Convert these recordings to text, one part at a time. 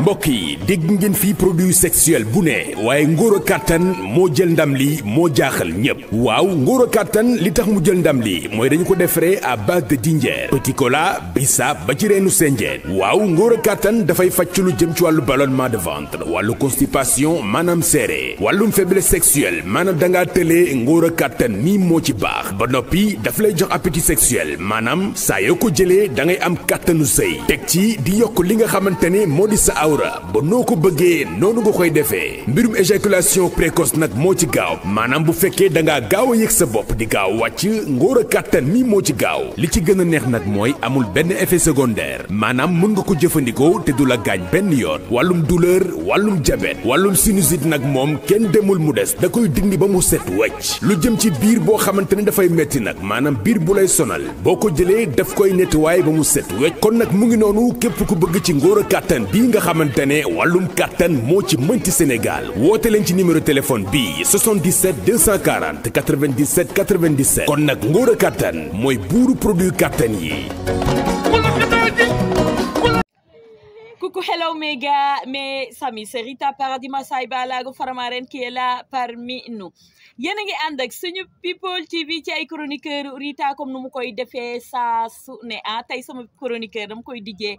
mbokk yi dégg ngeen fii produit sexuel bu ne waaye ngóor kàttan moo jël ndam li moo jaaxal ñépp waaw ngóor kàttan li tax mu jël ndam li mooy dañu ko defaree à base de dinjeer petit cola bisaab ba ci reenu senjeen waaw ngóor kàttan dafay fàcc lu jëm ci wàllu ballonnement de ventre wàllu constipation maanaam seere wàllum faiblesse sexuelle maanaam dangaa tëlee ngóor kàttan nii moo ci baax ba noppi dafa lay jox appétit sexuel maanaam saa yoo ko jëlee da am kàttanu sëy awra ba noo ko bëggee noonu nga koy defee mbirum éjaculation précoce nag moo ci gaaw maanaam bu fekkee da ngaa gaaw a yëg sa bopp di gaaw wàcc ngóor a kàttan mi moo ci gaaw li ci gën a neex nag mooy amul benn effet secondaire maanaam mën nga ko jëfandikoo te du la gaañ benn yoon wallum douleur wàllum diabète wàllum sinusite nag moom kenn demul mu des da koy dindi ba mu set wecc lu jëm ci biir boo xamante ne dafay metti nag maanaam biir bu lay sonal boo ko jëlee daf koy nettoyé ba mu set wecc nag mu ngi noonu képp ci ngóor kàttan xamante ne wàllum kàttan moo ci mënti Sénégal woote leen ci numéro téléphone bi 77 240 97 97 kon nag ngóor kàttan mooy buuru produit kàttan yi Coucou, hello mes gars, mes amis, c'est Rita Paradis Masai Balago parmi nous. yéen a ngi ànd ak suñu ci TV ci ay chroniqueur Rita comme nu mu koy defee saa su ne ah tey sama chroniqueur dama koy dijee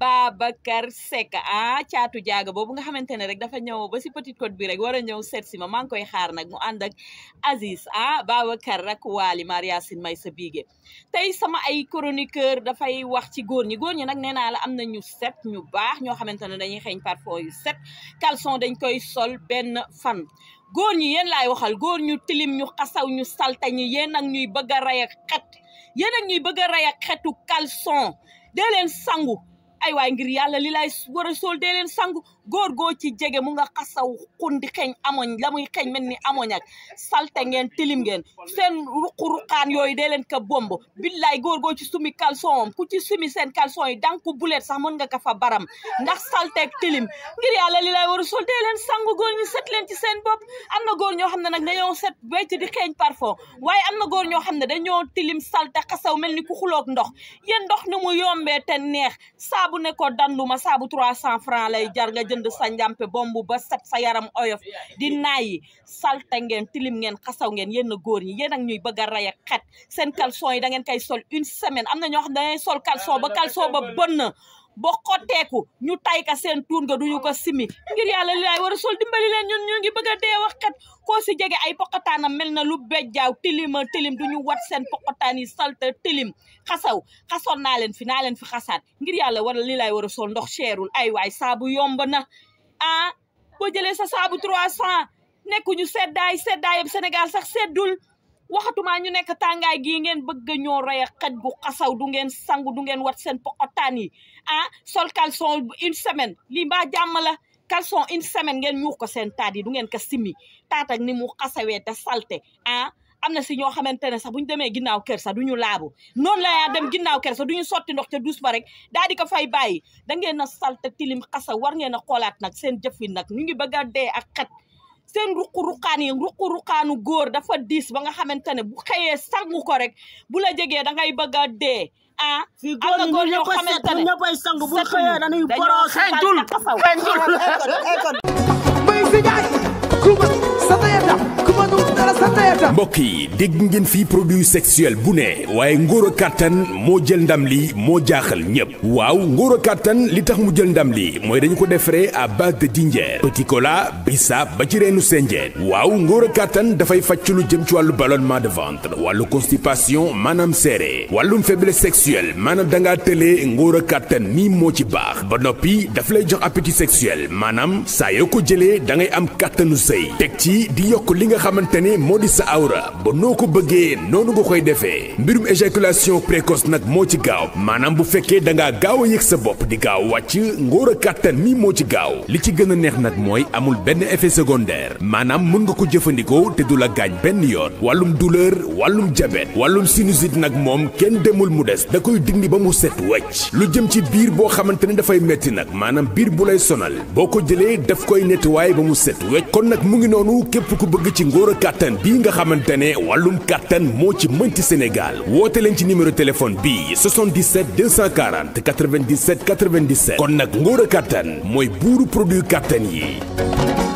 Babacar Seck ah caatu jaaga boobu nga xamante ne rek dafa ñëw ba si Petite Côte bi rek war a ñëw seet si ma maa ngi koy xaar nag mu ànd ak Aziz ah Babacar rek waali Mariasin may sa biige tey sama ay chroniqueur dafay wax ci góor ñi góor ñi nag nee naa la am na ñu set ñu baax ñoo xamante ne dañuy xeeñ parfum yu set caleçon dañ koy sol benn fan góor ñi yéen laay waxal góor ñu tilim ñu xasaw ñu salta ñi yéen ak ñuy bëgg a rey ak xet yéen ak ñuy bëgg a rey ak xetu caleçon dee sangu ay waay ngir yàlla li laay war a sool dee sangu goor goo ci jege mu nga xasaw xundi xeeñ amoñ la muy xeeñ mel ni amoñ ak salte ngeen tilim ngeen seen ruqu-ruqaan yooyu dee leen ko bomb billaay goor goo ci sumi calçon ku ci sumi seen calçon yi danku buleet sax mën nga ka fa baram ndax salteeg tilim ngir yàlla li lay war a sol dee leen sangu góor ñi set leen ci seen bopp am na ñoo xam ne nag dañoo set wecc di xeeñ parfum waaye am na góor ñoo xam ne dañoo tilim salte xasaw mel ni ku xuloog ndox yéen ndox ni mu yombee te neex saabu ne ko danduma saabu trois cent francs lay jar nga da sa njàmpe bomb ba set sa yaram oyof di naayi salte ngeen tilim ngeen xasaw ngeen yéen a góor ñi yéen ak ñuy bëgg a rey ak xet seen caleçon yi da ngeen koy sol une semaine am na ñoo da ngeen sol caleçon ba caleçon ba bënn ba xotteeku ñu tay ka seen tuun nga duñu ko simi ngir yàlla li laay war a sol dimbali leen ñun ñu ngi bëgg a dee wax kat koo si jege ay poqataanam mel na lu bejjaaw tilima tilim duñu wat seen poqataan yi salte tilim xasaw xasoon naa leen fi naa leen fi xasaat ngir yàlla war li laay war a sol ndox seerul ay waay saabu yomb na ah boo jëlee sa saabu trois cent nekkuñu seddaay seddaayam Sénégal sax seddul waxatumaa ñu nekk tàngaay gii ngeen bëgg ñoo rey a xet gu xasaw du ngeen sangu du ngeen wat seen poqotaan yi ah sol caleçon une semaine lii mbaa jàmm la caleçon une semaine ngeen ñuux ko seen taat yi du ngeen ko simi taat ak ni mu xasawee te salte ah am na si ñoo xamante ne sax bu ñu demee ginnaaw kër sax du ñu laabu noonu la dem ginnaaw kër sax du ñu sotti ndox ca duus ba rek daal di ko fay bàyyi da ngeen a salte tilim xasa war ngeen a xoolaat nag seen jëfin nag ñu ngi bëgg a dee ak xet sen ruqu-ruqaan yi ruqu-ruqaanu góor dafa diis ba nga xamante ne bu xëyee sangu ko rek bu la jegee da ngay bëgg a dee ah am na góor ñoo xamante ne ñëppay sangu bu xëyee dañuy boroo xeeñtul xeeñtul mbokk yi dégg ngeen fii produit sexuel bu ne waaye ngóor a kàttan moo jël ndam li moo jaaxal ñépp waaw ngóor a kàttan li tax mu jël ndam li mooy dañu ko defaree à base de dinjeer petit cola bisaab ba ci reenu senjeen waaw ngóor a kàttan dafay fàcc lu jëm ci wàllu ballonnement de ventre wàllu constipation maanaam seere wàllum feble sexuelle maanaam danga tëlee ngóor a kàttan nii moo ci baax ba noppi dafa lay jox appétit sexuel maanaam saa yoo ko jëlee da ngay am kàttanu sëy awra ba noo ko bëggee noonu nga koy defee mbirum éjaculation précoce nag moo ci gaaw maanaam bu fekkee da ngaa gaaw a yëg sa bopp di gaaw wàcc ngóor a kàttan mi moo ci gaaw li ci gën a neex nag mooy amul benn effet secondaire maanaam mën nga ko jëfandikoo te du la gaañ benn yoon wàllum douleur wàllum jabet wàllum sinusite nag moom kenn demul mu des da koy dindi ba mu set wecc lu jëm ci biir boo xamante ni dafay metti nag maanaam biir bu lay sonal boo ko jëlee daf koy nettoyé ba mu set wecc mu ngi noonu képp ci ngóor kàttan bii xamante ne wàllum kàttan moo ci mënti Sénégal woote leen ci numéro téléphone bi 77 240 97 97 kon nag ngóor a kàttan mooy buuru produit kàttan yi